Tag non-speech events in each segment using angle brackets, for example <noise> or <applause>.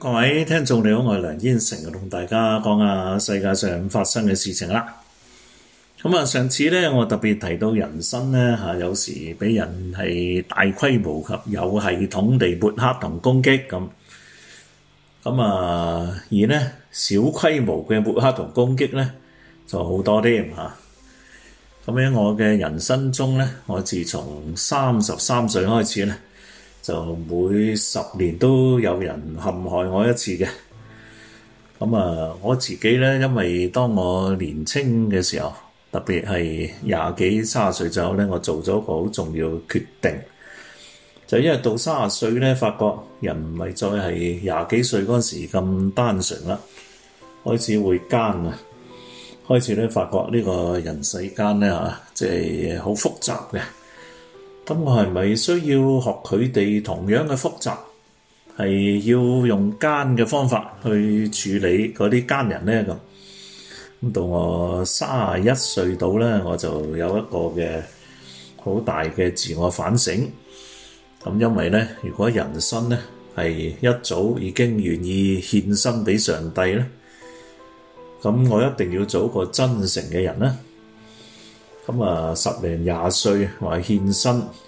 各位聽眾你好，我係梁燕成，同大家講下世界上發生嘅事情啦。咁啊，上次咧我特別提到人生咧吓，有時俾人係大規模及有系統地抹黑同攻擊咁。咁啊，而咧小規模嘅抹黑同攻擊咧就好多添吓。咁喺我嘅人生中咧，我自從三十三歲開始咧。就每十年都有人陷害我一次嘅。咁啊我自己咧，因為當我年青嘅時候，特別係廿幾、卅歲之後咧，我做咗個好重要嘅決定，就因為到卅歲咧，發覺人唔係再係廿幾歲嗰時咁單純啦，開始會奸啊，開始咧發覺呢個人世間咧啊，即係好複雜嘅。咁我係咪需要學佢哋同樣嘅複雜，係要用奸嘅方法去處理嗰啲奸人咧咁？到我卅啊一歲度咧，我就有一個嘅好大嘅自我反省。咁因為咧，如果人生咧係一早已經願意獻身畀上帝咧，咁我一定要做一個真誠嘅人咧。咁啊，十零廿歲話獻身。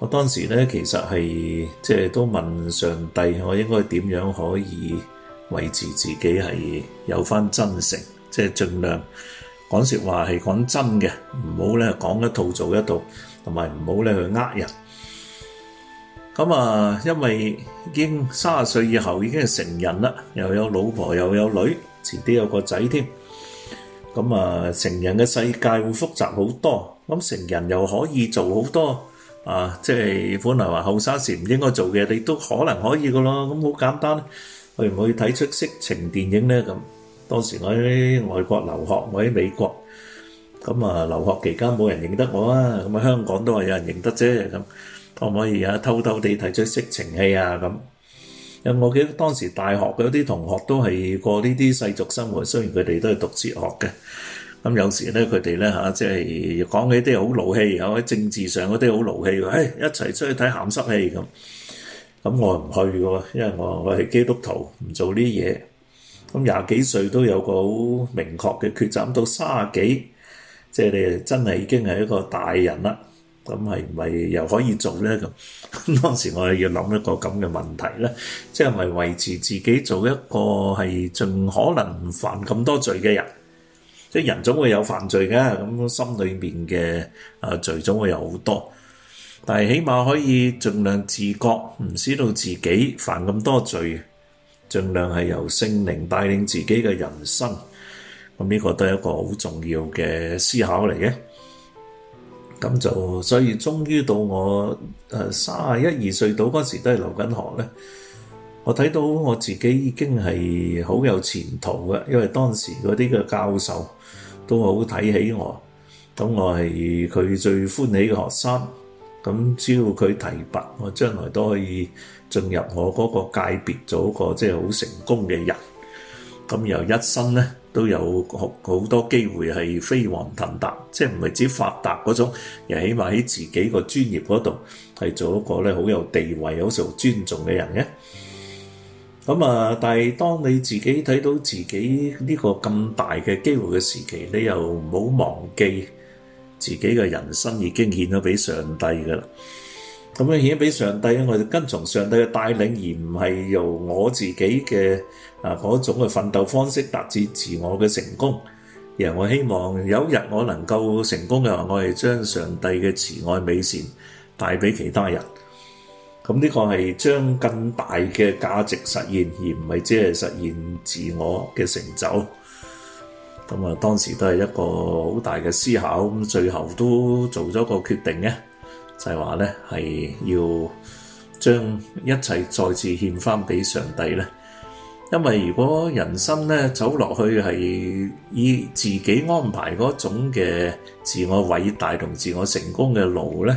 我當時咧，其實係即係都問上帝，我應該點樣可以維持自己係有返真誠，即係盡量講説話係講真嘅，唔好咧講一套做一套，同埋唔好咧去呃人。咁啊，因為已經三十歲以後已經係成人啦，又有老婆又有女，遲啲有個仔添。咁啊，成人嘅世界會複雜好多，咁成人又可以做好多。啊，即係本來話後生時唔應該做嘅，你都可能可以嘅咯。咁、嗯、好簡單，去唔去睇出色情電影咧？咁、嗯、當時我喺外國留學，我喺美國，咁、嗯、啊留學期間冇人認得我啊。咁、嗯、啊香港都係有人認得啫。咁可唔可以啊偷偷地睇出色情戲啊？咁、嗯，因、嗯嗯、我記得當時大學嗰啲同學都係過呢啲世俗生活，雖然佢哋都係讀哲學嘅。咁有時咧，佢哋咧嚇，即係講起啲好勞氣，或者政治上嗰啲好勞氣，誒一齊出去睇鹹濕戲咁。咁我唔去嘅，因為我我係基督徒，唔做呢啲嘢。咁廿幾歲都有個好明確嘅抉擇，到三十幾，即係你真係已經係一個大人啦。咁係咪又可以做咧？咁當時我係要諗一個咁嘅問題咧，即係咪維持自己做一個係盡可能唔犯咁多罪嘅人？即係人總會有犯罪嘅，咁心裏面嘅啊罪總會有好多，但係起碼可以盡量自覺，唔知道自己犯咁多罪，盡量係由聖靈帶領自己嘅人生，咁呢個都係一個好重要嘅思考嚟嘅。咁就所以，終於到我誒三十一二歲到嗰時都，都係留緊學咧。我睇到我自己已經係好有前途嘅，因為當時嗰啲嘅教授都好睇起我，咁我係佢最歡喜嘅學生，咁只要佢提拔，我將來都可以進入我嗰個界別做一個即係好成功嘅人，咁由一生咧都有好好多機會係飛黃騰達，即係唔係指發達嗰種，而起碼喺自己個專業嗰度係做一個咧好有地位、好受尊重嘅人嘅。咁啊！但係當你自己睇到自己呢個咁大嘅機會嘅時期，你又唔好忘記自己嘅人生已經獻咗畀上帝嘅啦。咁樣獻咗畀上帝，我哋跟從上帝嘅帶領，而唔係由我自己嘅啊嗰種嘅奮鬥方式達至自我嘅成功。而我希望有一日我能夠成功嘅話，我係將上帝嘅慈愛美善帶俾其他人。咁呢個係將更大嘅價值實現，而唔係只係實現自我嘅成就。咁啊，當時都係一個好大嘅思考。咁最後都做咗個決定咧，就係話咧係要將一切再次獻翻俾上帝咧。因為如果人生咧走落去係以自己安排嗰種嘅自我偉大同自我成功嘅路咧。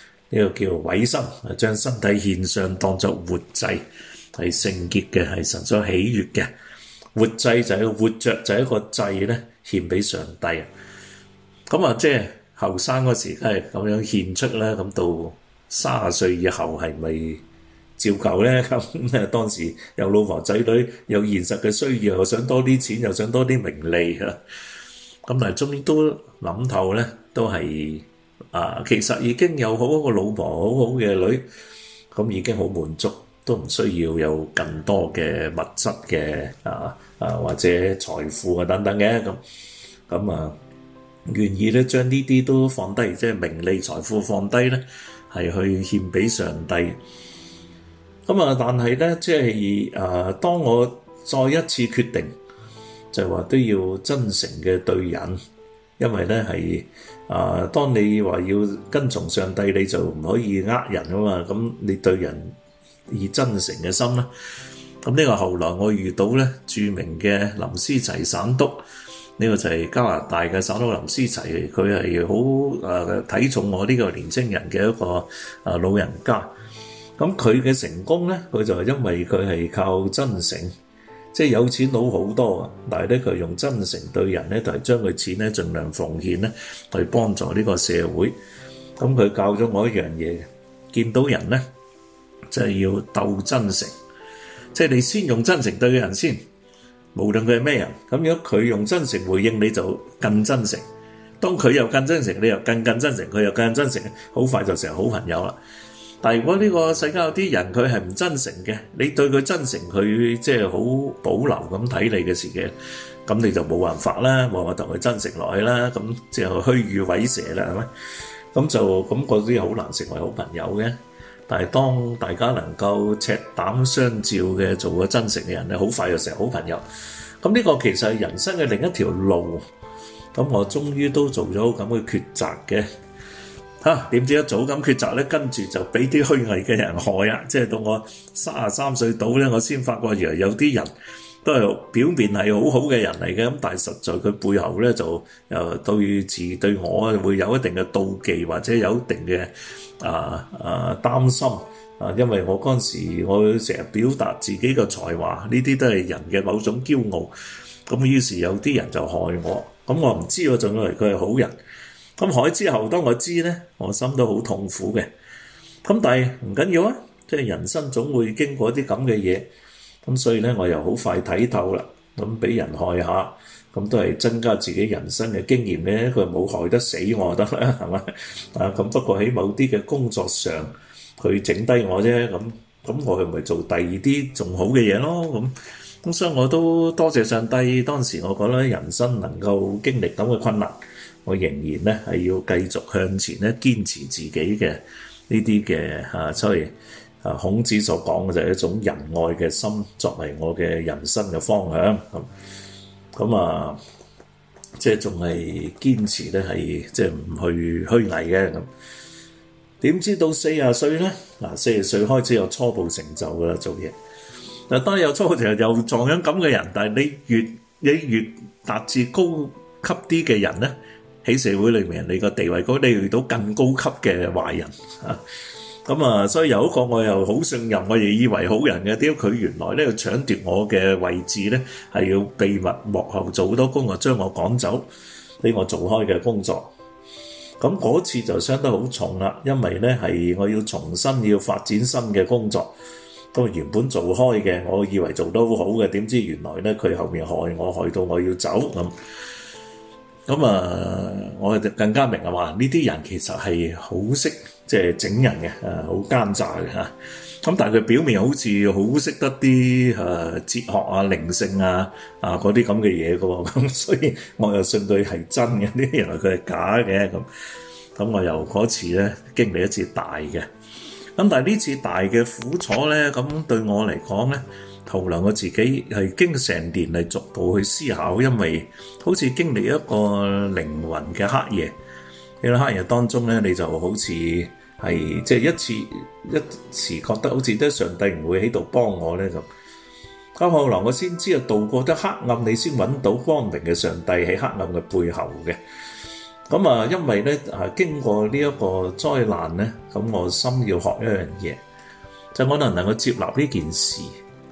呢個叫做委身，將身體獻上當作活祭，係聖潔嘅，係神所喜悅嘅。活祭就係活著，就係一個祭咧，獻畀上帝。咁啊，即係後生嗰時係咁樣獻出啦，咁到三十歲以後係咪照舊咧？咁啊，當時有老婆仔女，有現實嘅需要，又想多啲錢，又想多啲名利啊。咁啊，終於都諗透咧，都係。啊，其實已經有好好嘅老婆，好好嘅女，咁已經好滿足，都唔需要有更多嘅物質嘅，啊啊或者財富啊等等嘅，咁咁啊，願意咧將呢啲都放低，即係名利財富放低咧，係去獻俾上帝。咁啊，但係咧，即係啊，當我再一次決定，就係話都要真誠嘅對人，因為咧係。啊！當你話要跟從上帝，你就唔可以呃人啊嘛。咁你對人以真誠嘅心啦。咁呢個後來我遇到咧著名嘅林思齊省督，呢個就係加拿大嘅省督林思齊，佢係好啊睇重我呢個年青人嘅一個啊老人家。咁佢嘅成功咧，佢就係因為佢係靠真誠。即係有錢佬好多啊，但係咧佢用真誠對人咧，就係將佢錢咧盡量奉獻咧，去幫助呢個社會。咁、嗯、佢教咗我一樣嘢，見到人咧，即、就、係、是、要鬥真誠，即係你先用真誠對人先，無論佢係咩人。咁如果佢用真誠回應你，就更真誠。當佢又更真誠，你又更更真誠，佢又更真誠，好快就成為好朋友啦。但係如果呢個世界有啲人佢係唔真誠嘅，你對佢真誠，佢即係好保留咁睇你嘅事情，咁你就冇辦法啦，冇法同佢真誠落去啦，咁就虛與委蛇啦，係咪？咁就咁嗰啲好難成為好朋友嘅。但係當大家能夠赤膽相照嘅做個真誠嘅人咧，好快就成好朋友。咁呢個其實係人生嘅另一條路。咁我終於都做咗咁嘅抉擇嘅。嚇！點知、啊、一早咁抉擇咧，跟住就俾啲虛偽嘅人害啊！即係到我三啊三十三歲到咧，我先發覺原來有啲人都係表面係好好嘅人嚟嘅，咁但係實在佢背後咧就誒對住對我會有一定嘅妒忌，或者有一定嘅啊啊擔心啊！因為我嗰陣時我成日表達自己嘅才華，呢啲都係人嘅某種驕傲。咁於是有啲人就害我，咁我唔知我仲以為佢係好人。咁海之後，當我知咧，我心都好痛苦嘅。咁但係唔緊要啊，即係人生總會經過啲咁嘅嘢。咁所以咧，我又好快睇透啦。咁俾人害下，咁都係增加自己人生嘅經驗咧。佢冇害得死我得啦，係咪？啊，咁不過喺某啲嘅工作上，佢整低我啫。咁咁，我咪做第二啲仲好嘅嘢咯。咁咁，所以我都多謝上帝。當時我覺得人生能夠經歷咁嘅困難。我仍然咧係要繼續向前咧，堅持自己嘅呢啲嘅吓，所以啊，孔子所講嘅就係一種仁愛嘅心作為我嘅人生嘅方向。咁咁啊，即係仲係堅持咧，係即係唔去虛偽嘅咁。點知到四十歲咧，嗱四十歲開始有初步成就噶啦，做嘢嗱，當然有初步成就又撞上咁嘅人，但係你越你越達至高級啲嘅人咧。喺社會裏面，你個地位高，你遇到更高級嘅壞人嚇。咁 <laughs> 啊，所以有一個我又好信任，我亦以為好人嘅，屌佢原來咧要搶奪我嘅位置咧，係要秘密幕後做好多工，啊將我趕走，俾我做開嘅工作。咁嗰次就傷得好重啦，因為咧係我要重新要發展新嘅工作，咁原本做開嘅，我以為做得好好嘅，點知原來咧佢後面害我，害到我要走咁。咁啊，我哋更加明啊話，呢啲人其實係好識即係整人嘅，啊好奸詐嘅嚇。咁但係佢表面好似好識得啲誒哲學啊、靈性啊、啊嗰啲咁嘅嘢噶喎。咁所以我又信佢係真嘅，呢啲原來佢係假嘅咁。咁我又嗰次咧經歷一次大嘅。咁但係呢次大嘅苦楚咧，咁對我嚟講咧。後來我自己係經成年嚟，逐步去思考，因為好似經歷一個靈魂嘅黑夜，呢個黑夜當中咧，你就好似係即係一次一次覺得好似咧，上帝唔會喺度幫我咧，就咁後來我先知道啊，度過啲黑暗，你先搵到光明嘅。上帝喺黑暗嘅背後嘅。咁啊，因為咧啊，經過呢一個災難咧，咁我心要學一樣嘢，就可能能夠接納呢件事。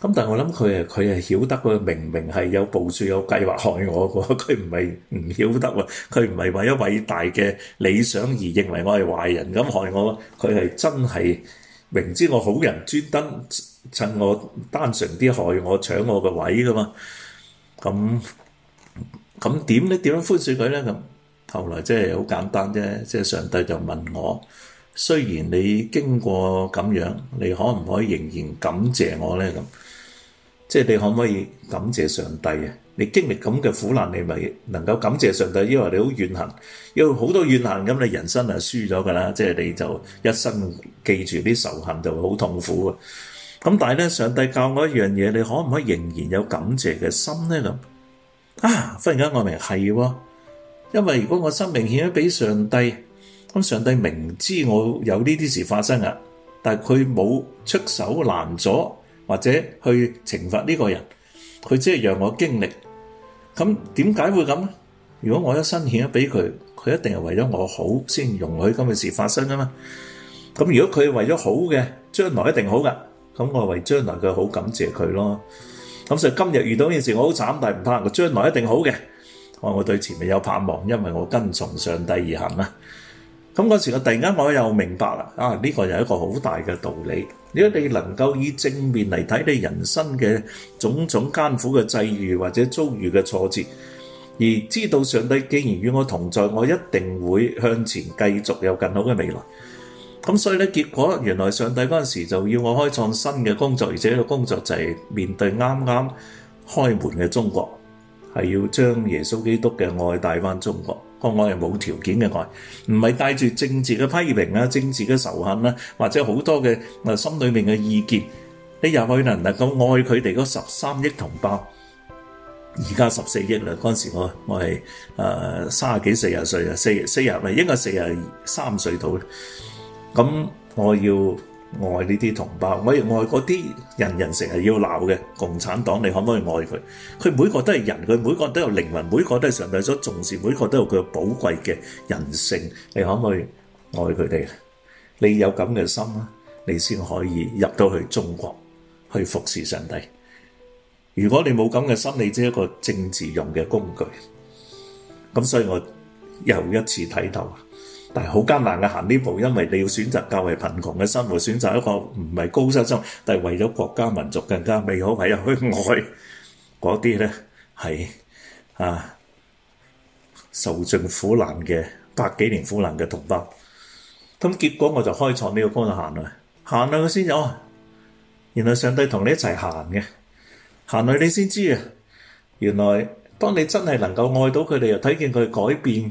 咁但係我諗佢啊，佢係曉得佢明明係有部署有計劃害我嘅，佢唔係唔曉得，佢唔係為咗偉大嘅理想而認為我係壞人咁害我，佢係真係明知我好人專登趁我單純啲害我搶我嘅位㗎嘛？咁咁點咧？點樣寬恕佢咧？咁後來即係好簡單啫，即係上帝就問我：雖然你經過咁樣，你可唔可以仍然感謝我咧？咁即係你可唔可以感謝上帝啊？你經歷咁嘅苦難，你咪能夠感謝上帝，因為你好怨恨，因為好多怨恨咁，你人生就輸咗噶啦，即係你就一生記住啲仇恨就會好痛苦啊！咁但係咧，上帝教我一樣嘢，你可唔可以仍然有感謝嘅心咧？咁啊，忽然間我明係喎，因為如果我生命獻咗俾上帝，咁上帝明知我有呢啲事發生啊，但係佢冇出手攔阻。或者去懲罰呢個人，佢即係讓我經歷。咁點解會咁啊？如果我一生獻俾佢，佢一定係為咗我好先容許咁嘅事發生噶嘛？咁如果佢係為咗好嘅，將來一定好噶。咁我為將來佢好感謝佢咯。咁所以今日遇到呢件事我好慘，但係唔怕，我將來一定好嘅。我我對前面有盼望，因為我跟從上帝而行啦。咁嗰時我突然間我又明白啦，啊呢個又一個好大嘅道理。如果你能夠以正面嚟睇你人生嘅種種艱苦嘅際遇或者遭遇嘅挫折，而知道上帝既然與我同在，我一定會向前繼續有更好嘅未來。咁所以咧，結果原來上帝嗰陣時就要我開創新嘅工作，而且呢個工作就係面對啱啱開門嘅中國，係要將耶穌基督嘅愛帶翻中國。我愛係無條件嘅愛，唔係帶住政治嘅批評啊、政治嘅仇恨啦，或者好多嘅、呃、心裏面嘅意見，你入去能唔能夠愛佢哋嗰十三億同胞，而家十四億啦。嗰陣時我我係、呃、三十幾四十歲四四十咪應該四十、四十三歲到。咁、嗯、我要。愛呢啲同胞，我亦愛嗰啲人人成日要鬧嘅共產黨，你可唔可以愛佢？佢每個都係人，佢每個都有靈魂，每個都係上帝所重視，每個都有佢寶貴嘅人性，你可唔可以愛佢哋？你有咁嘅心，你先可以入到去中國去服侍上帝。如果你冇咁嘅心，你只係一個政治用嘅工具。咁所以我又一次睇到。但係好艱難嘅行呢步，因為你要選擇較為貧窮嘅生活，選擇一個唔係高收入，但係為咗國家民族更加美好，唯有去愛嗰啲呢係啊受盡苦難嘅百幾年苦難嘅同胞。咁結果我就開創呢個方向行啦，行嚟佢先有，原來上帝同你一齊行嘅，行去你先知啊。原來當你真係能夠愛到佢哋，又睇見佢改變。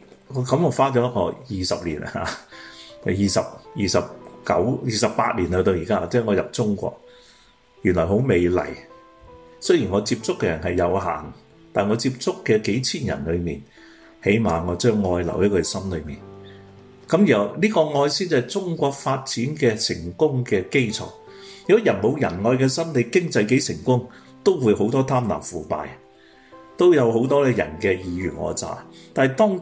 我咁我花咗我二十年啊，二十二十九二十八年去到而家，即係我入中國，原來好美麗。雖然我接觸嘅人係有限，但我接觸嘅幾千人裏面，起碼我將愛留喺佢心裏面。咁由呢個愛先就係中國發展嘅成功嘅基礎。如果人冇仁愛嘅心，你經濟幾成功，都會好多貪婪腐敗，都有好多嘅人嘅爾虞我詐。但係當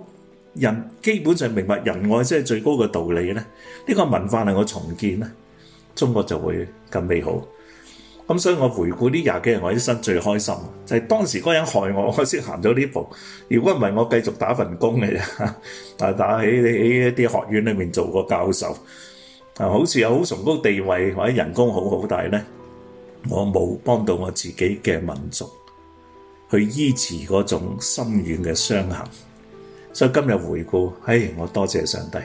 人基本上明白仁愛先係最高嘅道理咧，呢、呢個文化能夠重建咧，中國就會更美好。咁所以我回顧呢廿幾年我一生最開心，就係、是、當時嗰人害我，我先行咗呢步。如果唔係，我繼續打份工嘅，但 <laughs> 係打喺啲一啲學院裏面做個教授，啊，好似有好崇高地位或者人工好好，但係咧，我冇幫到我自己嘅民族去醫治嗰種深遠嘅傷痕。所以今日回顧，唉，我多謝上帝，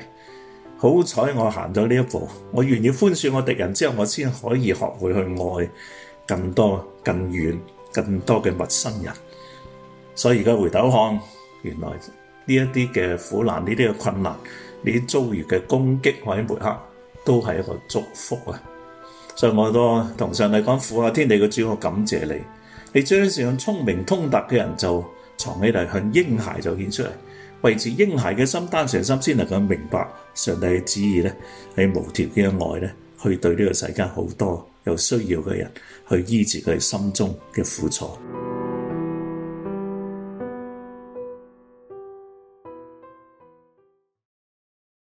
好彩我行咗呢一步。我願意寬恕我敵人之後，我先可以學會去愛更多、更遠、更多嘅陌生人。所以而家回頭看，原來呢一啲嘅苦難、呢啲嘅困難、你遭遇嘅攻擊或者抹黑，都係一個祝福啊！所以我都同上帝講：父啊，天地嘅主，我感謝你。你將向聰明通達嘅人就藏起嚟，向嬰孩就顯出嚟。維持嬰孩嘅心、單純心，先能夠明白上帝嘅旨意呢，係 <noise> 無條件嘅愛呢，去對呢個世間好多有需要嘅人，去醫治佢心中嘅苦楚。